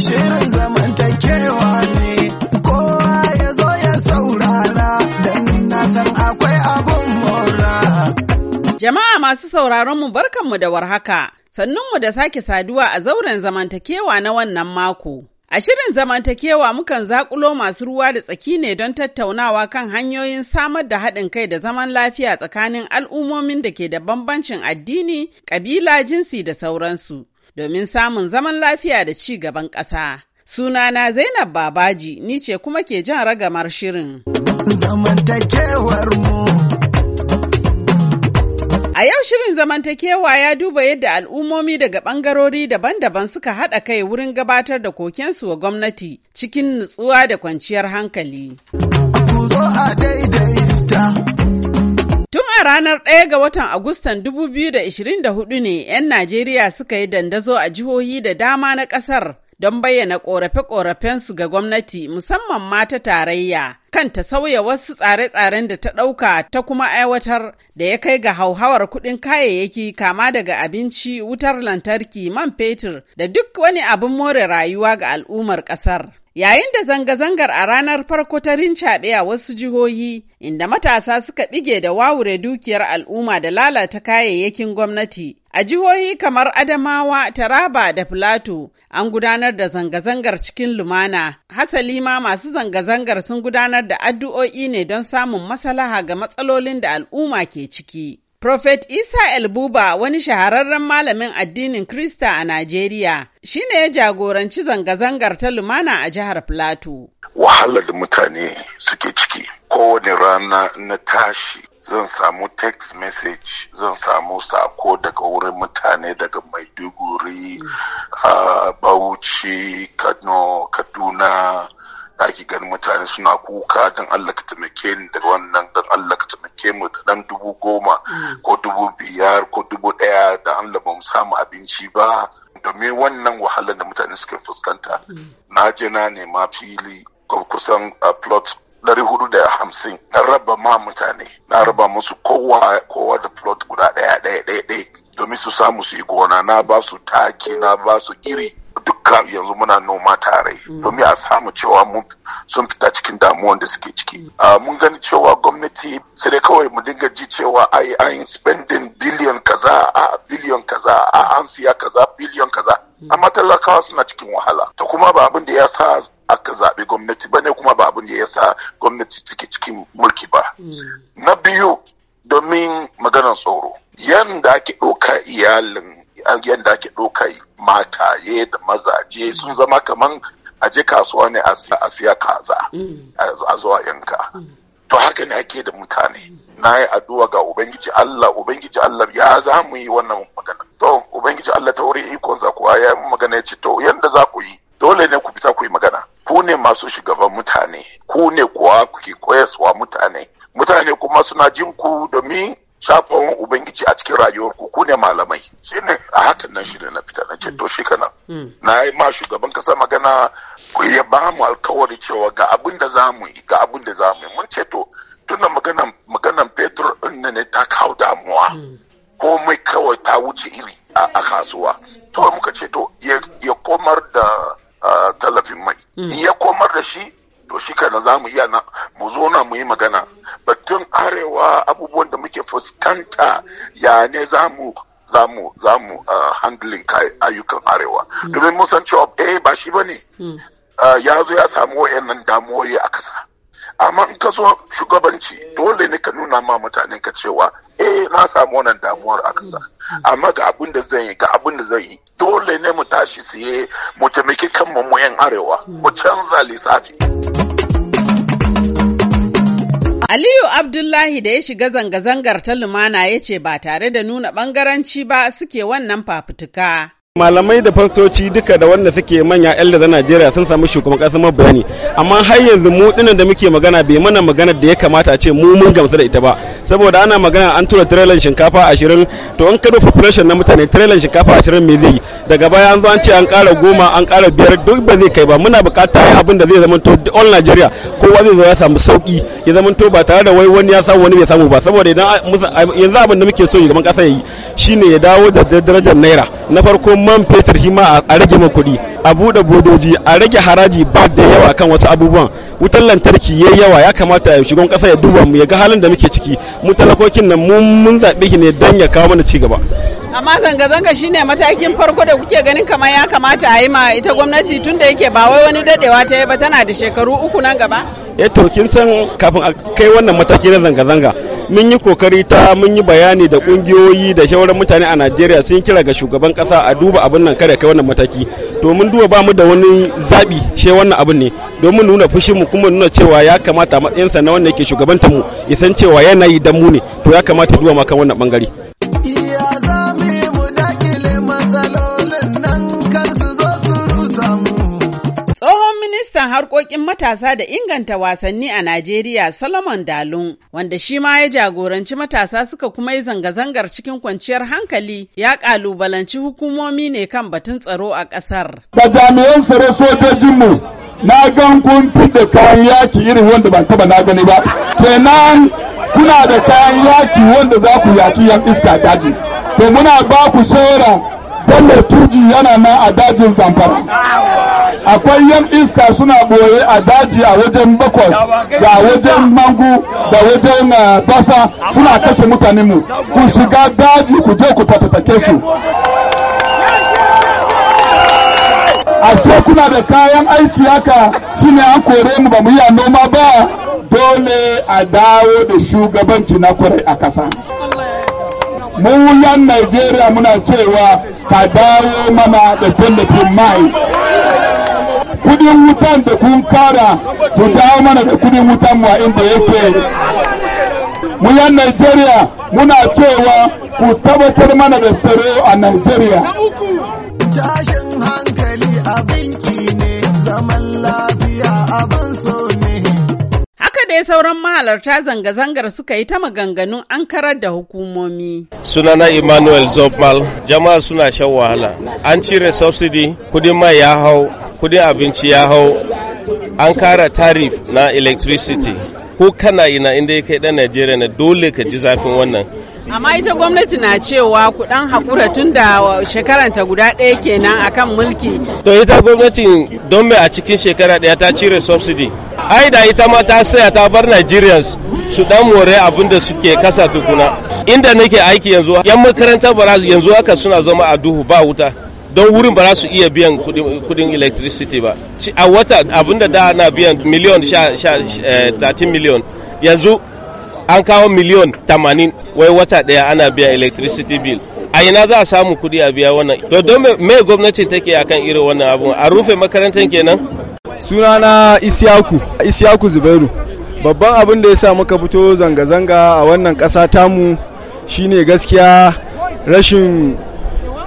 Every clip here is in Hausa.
Shirin zamantakewa ne, kowa ya ya saurara, Jama'a masu sauraronmu barkanmu da warhaka, sannunmu da sake saduwa a zauren zamantakewa na wannan mako. A shirin zamantakewa mukan zakulo masu ruwa da tsaki ne don tattaunawa kan hanyoyin samar da haɗin kai da zaman lafiya tsakanin al'ummomin da ke da bambancin addini, ƙabila, jinsi da sauransu. domin samun zaman lafiya da ci gaban ƙasa. Sunana Zainab Babaji ni ce kuma ke jan ragamar shirin. A yau shirin zamantakewa ya duba yadda al'ummomi daga ɓangarori daban-daban suka haɗa kai wurin gabatar da kokensu wa gwamnati cikin nutsuwa da kwanciyar hankali. Ku zo a daidai ranar 1 ga watan Agustan 2024 ne 'yan Najeriya suka yi dandazo a jihohi da dama na ƙasar don bayyana ƙorafe-ƙorafensu ga gwamnati musamman ma ta tarayya kan ta sauya wasu tsare-tsaren da ta ɗauka ta kuma aiwatar da ya kai ga hauhawar kuɗin kayayyaki kama daga abinci, wutar lantarki, man fetur da duk wani abin more rayuwa ga al'ummar ƙasar. Yayin da zanga-zangar a ranar farko ta rincaɓe a wasu jihohi, inda matasa suka ɓige da wawure dukiyar al'umma da lalata kayayyakin gwamnati, a jihohi kamar Adamawa, Taraba da Filato an gudanar da zanga-zangar cikin lumana. Hasali ma masu zanga-zangar sun gudanar da addu'o'i ne don samun masalaha ga matsalolin da al'umma ke ciki. Prophet Isa Elbuba wani shahararren malamin addinin Krista a Najeriya shi ne ya jagoranci zanga-zangar ta lumana a jihar Plateau. Wahalar da mutane suke ciki, kowane rana na tashi zan samu text message zan samu sako daga wurin mutane daga Maiduguri, mm. Bauchi, Kano, Kaduna. da ake ganin mutane suna kuka don Allah ka taimake ni daga wannan don Allah ka taimake mu da dan dubu goma mm. ko dubu biyar ko dubu ɗaya da Allah ba mu samu abinci ba domin wannan wahalar da mutane suke fuskanta mm. na je na nema fili kusan plot dari hudu da hamsin na raba ma mutane na raba musu kowa kowa da plot guda ɗaya ɗaya ɗaya domin su samu su yi gona na ba su taki na ba su iri duka yanzu muna noma tare mm. domin a samu cewa sun fita cikin damuwan da suke ciki mm. ah, mun gani cewa gwamnati sai kawai mu dinga ji cewa ai an spending billion kaza a billion kaza a an siya kaza billion kaza mm. amma talakawa suna cikin wahala ta kuma ba abin da ya sa aka zaɓi gwamnati ba ne kuma ba abin da ya sa gwamnati take cikin mulki ba na biyu domin maganar tsoro yanda ake ɗauka iyalin yadda ake ɗauka mataye da mazaje sun zama kamar a je kasuwa ne a siya kaza a zuwa yanka to haka ne ake da mutane na yi addu'a ga ubangiji Allah ubangiji Allah ya za mu yi wannan magana to ubangiji Allah ta wuri ikonsa kuwa ya yi magana ya ce to yanda za ku yi dole ne ku fita ku yi magana ku ne masu shugaban mutane ku ne kuwa kuke koyaswa mutane mutane kuma suna jin ku domin shafawar ubangiji a cikin rayuwar ku ne malamai shi ne a hakan nan shi ne na fita na ce to shi kana mm. na yi ma shugaban kasa magana ku ya ba mu alkawari cewa ga abin da za mu yi ga abin da za mu yi mun ce to tunda maganan maganan fetur din ne ta kawo damuwa mm. komai kawai ta wuce iri a kasuwa to muka ce to ya komar da tallafin mai mm. in ya komar da shi to shi kana za mu iya mu zo na mu yi magana tun arewa abubuwan da muke fuskanta ya ne za mu uh, ayyukan arewa hmm. domin mun san cewa eh ba shi ba ne? Hmm. Uh, ya zo ya samu wayannan damuwoyi a kasa amma in ka zo shugabanci dole ne ka nuna ma mutanen ka cewa eh na samu wannan damuwar a kasa hmm. amma ga abin da zan yi ga abin da zan yi dole ne mu tashi siye mu taimaki kanmu mu yan arewa mu canza lissafi. Aliyu Abdullahi da ya shiga zanga-zangar ta lumana ya ce ba tare da nuna bangaranci ba suke wannan fafutuka. Malamai da fastoci duka da wanda suke manya 'yan da Najeriya sun samu shugaban kasa ma amma har yanzu mu dinan da muke magana bai mana magana da ya kamata a ce mu mun gamsu da ita ba. saboda ana magana an tura trailer shinkafa ashirin to in ka population na mutane trailer shinkafa ashirin me zai daga baya an zo an ce an kara goma an kara biyar duk ba zai kai ba muna buƙatar abin da zai zama to all Nigeria kowa zai zo ya samu sauki ya zama to ba tare da wai wani ya samu wani bai samu ba saboda idan yanzu abin da muke so shugaban ƙasa ya yi shine ya dawo da darajar naira na farko man fetur hima ma a rage ma kuɗi a buɗe bodoji a rage haraji ba da yawa kan wasu abubuwan wutar lantarki ya yawa ya kamata ya shigon kasa ya duba mu ya ga halin da muke ciki mu talakokin nan mun zaɓe ne don ya kawo mana cigaba. amma zanga-zanga shine matakin farko da kuke ganin kamar ya kamata a yi ma ita gwamnati tun da yake ba wai wani dadewa ta yi ba tana da shekaru uku nan gaba. eh to kin san kafin a kai wannan matakin na zanga-zanga mun yi kokari ta mun yi bayani da kungiyoyi da shawarar mutane a najeriya sun kira ga shugaban kasa a duba abin nan kada kai wannan mataki to mun duba ba mu da wani zabi she wannan abin ne domin nuna fushin mu kuma nuna cewa ya kamata matsayinsa na wanda yake shugabantar mu isan cewa yanayi dan mu ne to ya kamata duba makan wannan bangare harkokin matasa da inganta wasanni a Najeriya Solomon Dalun, wanda shi ma ya jagoranci matasa suka kuma yi zanga-zangar cikin kwanciyar hankali ya kalubalanci hukumomi ne kan batun tsaro a ƙasar. Da jami'an tsaro sojojinmu na gan kun da kayan yaki irin wanda ban taba na gani ba. Kenan kuna da kayan yaki wanda za ku yaki yan iska daji. To muna ba ku bello tuji yana nan a dajin zamfara akwai yan iska suna ɓoye a daji a wajen bakwas da a wajen mangu da wajen eh, basa suna kashe mu ku shiga daji ku je ku fatattake su ashe kuna da kayan aiki haka shine an kore mu ba mu yi noma ba dole a dawo da shugabanci na kwarai a kasa mu yan Najeriya muna cewa ka dawo mana da tallafin mai kudin wutan da kun kara ku dawo mana da kudin wutan mu a inda yake mu yan Najeriya muna cewa ku tabbatar mana da tsaro a Najeriya tashin hankali abinki ne zaman lafiya abin dai sauran mahalarta zanga-zangar suka yi ta maganganun an karar da hukumomi. Sunana Emmanuel Zobmal, jama'a suna shan wahala. An cire subsidy, kudin mai ya hau, kudin abinci ya hau, an kara tarif na electricity. Ko kana ina inda kai dan Najeriya na dole ka ji zafin wannan. Amma ita gwamnati na cewa kuɗan haƙura tun da ta guda ɗaya kenan akan mulki. To ita gwamnatin don me a cikin shekara ɗaya ta cire subsidy. ai da ita ma ta saya ta bar Nigerians su dan more abin da suke kasa tukuna inda nake aiki yanzu yan makarantar ba yanzu haka suna zama a duhu ba wuta don wurin ba za su iya biyan kudin electricity ba a wata abinda da ana biyan miliyon 13 eh, miliyon yanzu an kawo miliyon 80 wai wata daya ana biya electricity bill a ina za a samu kudi a biya wannan to don me gwamnati take akan irin wannan abu a rufe makarantar kenan sunana isyaku isiyaku zubairu babban abin da ya sa muka fito zanga-zanga a wannan ƙasa tamu shine gaskiya rashin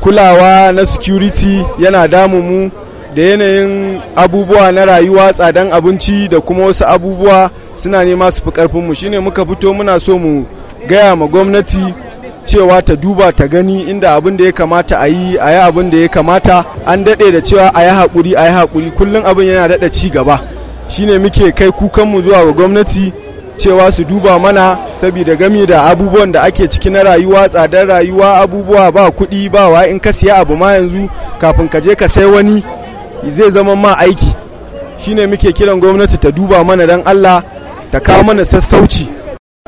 kulawa na security yana damu mu da yanayin abubuwa na rayuwa tsadan abinci da kuma wasu abubuwa suna nema su fi shine muka fito muna so mu gaya ma gwamnati cewa ta duba ta gani inda abin da ya kamata a yi a yi abin da ya kamata an daɗe da cewa a yi haƙuri a yi haƙuri kullum abin yana daɗa ci gaba shine muke kai kukanmu zuwa ga gwamnati cewa su duba mana saboda gami da abubuwan da ake ciki na rayuwa tsadar rayuwa abubuwa ba kuɗi ba wa in ka siya abu ma yanzu kafin ka je ka sai wani zai zama ma aiki shine muke kiran gwamnati ta duba mana don allah ta kawo mana sassauci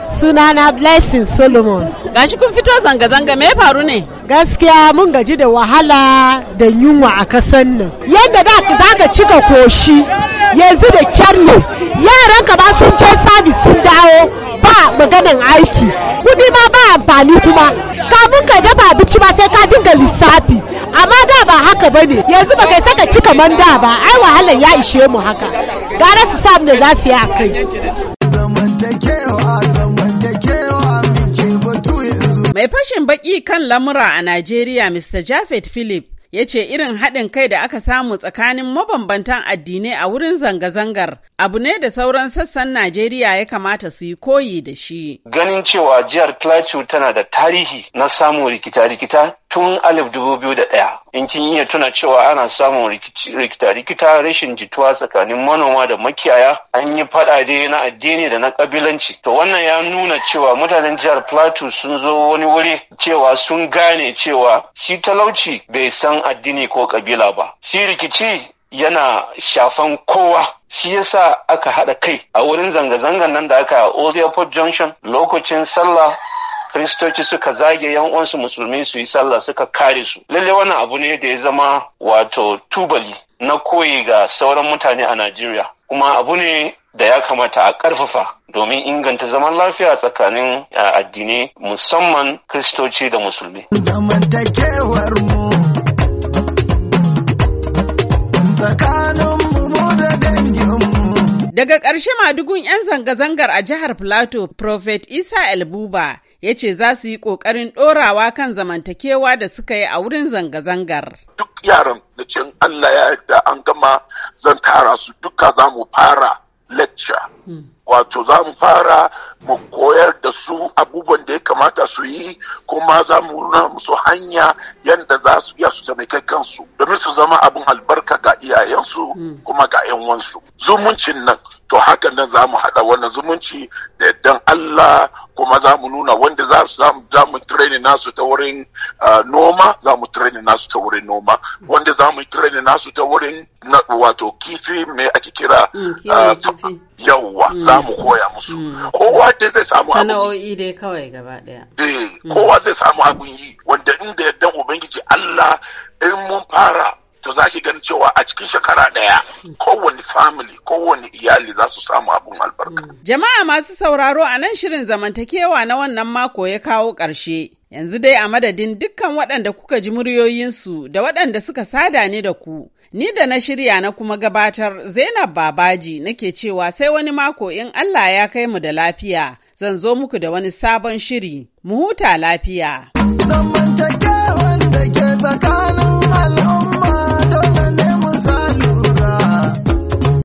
Sunana Blessing Solomon. Gashi kun fito zanga-zanga me faru ne? Gaskiya mun gaji da wahala da yunwa a kasan nan. Yadda da za ka cika koshi yanzu da kyar ne. Yaran ka ba sun je sabis sun dawo ba maganan aiki. Kudi ma ba amfani kuma. Kafin ka dafa abinci ba sai ka dinga lissafi. Amma da ba haka ba ne yanzu ba kai saka cika manda ba ai wahalan ya ishe mu haka. Gara su samu da za su yi a kai. Mai fashin baki kan lamura a Najeriya Mr. Jafet Philip ya ce irin haɗin kai da aka samu tsakanin mabambantan addinai a wurin zanga-zangar abu ne da sauran sassan Najeriya ya kamata su yi koyi da shi. Ganin cewa jihar Plateau tana da tarihi na samun rikita-rikita tun 2001. in kin iya tuna cewa ana samun rikita-rikita rashin jituwa tsakanin manoma da makiyaya an yi faɗa na addini da na kabilanci to wannan ya nuna cewa mutanen jihar plateau sun zo wani wuri cewa sun gane cewa shi talauci bai san addini ko kabila ba shi rikici yana shafan kowa shi yasa aka haɗa kai a wurin zanga-zangan nan da aka a Old Junction lokacin sallah kristoci suka zage yan uwansu musulmi su yi sallah suka kare su lalle wannan abu ne da ya zama wato tubali na koyi ga sauran mutane a Najeriya kuma abu ne da ya kamata a ƙarfafa domin inganta zaman lafiya tsakanin addinai musamman kristoci da musulmi. Daga ƙarshe madugun 'yan zanga-zangar a jihar Plateau, Prophet Isa Elbuba ya ce za su yi ƙoƙarin ɗorawa kan zamantakewa da suka yi a wurin zanga-zangar. Duk yaran da cin Allah ya yarda an gama zan tara su duka za mu fara lecture hmm. wato za mu fara mu koyar da su abubuwan da ya kamata su yi kuma za mu nuna musu hanya yadda za su iya su taimake kansu domin su zama abin albarka ga iyayensu mm. kuma ga 'yan wansu zumuncin nan to hakan nan za mu haɗa wannan zumunci da yaddan Allah kuma za mu nuna wanda za su, za mu treni ah, nasu ta wurin noma mm. za mu treni nasu ta wurin noma wanda za mu treni nasu ta wurin wato kifi mai ake kira mm, yawwa mm. za mu koya musu mm. kowa dai zai samu sana'o'i dai kawai gaba daya eh mm. kowa zai samu abun yi wanda inda yadda ubangiji Allah in mun fara to za ki gani cewa a cikin shekara ɗaya kowane family kowane iyali za su samu abun albarka. Jama'a masu sauraro a nan shirin zamantakewa na wannan mako ya kawo ƙarshe. Yanzu dai a madadin dukkan waɗanda kuka ji muryoyinsu da waɗanda suka sada ne da ku, ni da na shirya na kuma gabatar Zainab Babaji nake cewa sai wani mako in Allah ya kai mu da lafiya, zan zo muku da wani sabon shiri, mu huta lafiya.